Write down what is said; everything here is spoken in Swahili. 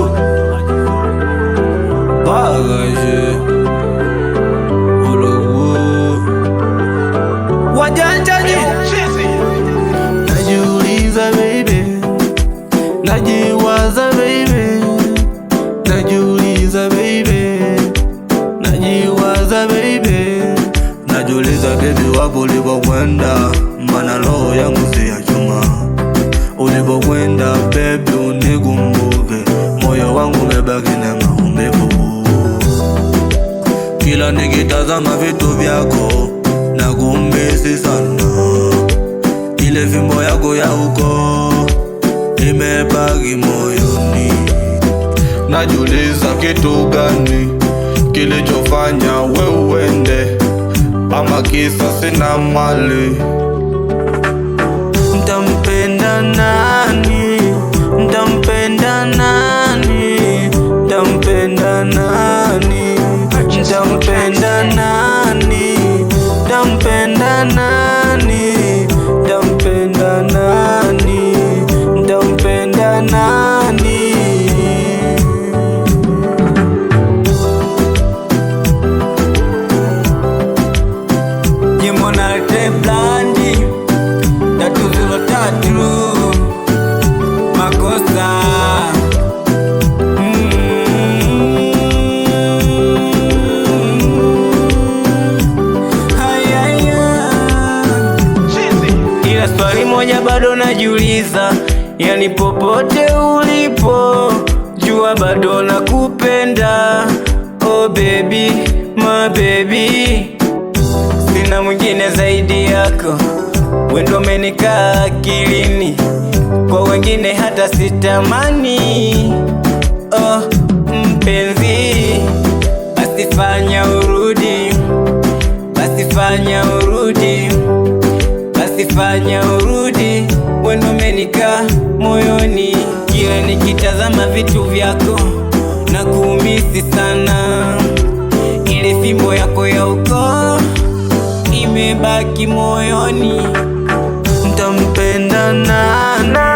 macho bagage ulogu wajanjaji, najiuliza baby, najiwaza baby, najiuliza baby, najiwaza baby, baby, wapo mana roho yangu si ya chuma, ulipokwenda baby unikumbuke wangu umebaki na maumivu. Kila nikitazama vitu vyako na kumbisi sana, ile fimbo yako ya uko imebaki moyoni. Najiuliza kitu gani kilichofanya we uende, ama kisa sina mali blandi tatu zero tatu makosa mm. Ila bado najiuliza, yani popote ulipo jua bado nakupenda. Oh baby, my baby sina mwingine zaidi yako, wendo umenikaa akilini, kwa wengine hata sitamani. Oh, mpenzi, basifanya urudi, basifanya urudi, basifanya urudi, wendo umenikaa moyoni, kila nikitazama vitu vyako na kuumisi sana, ile fimbo yako ya ukoo imebaki moyoni, mtampenda nana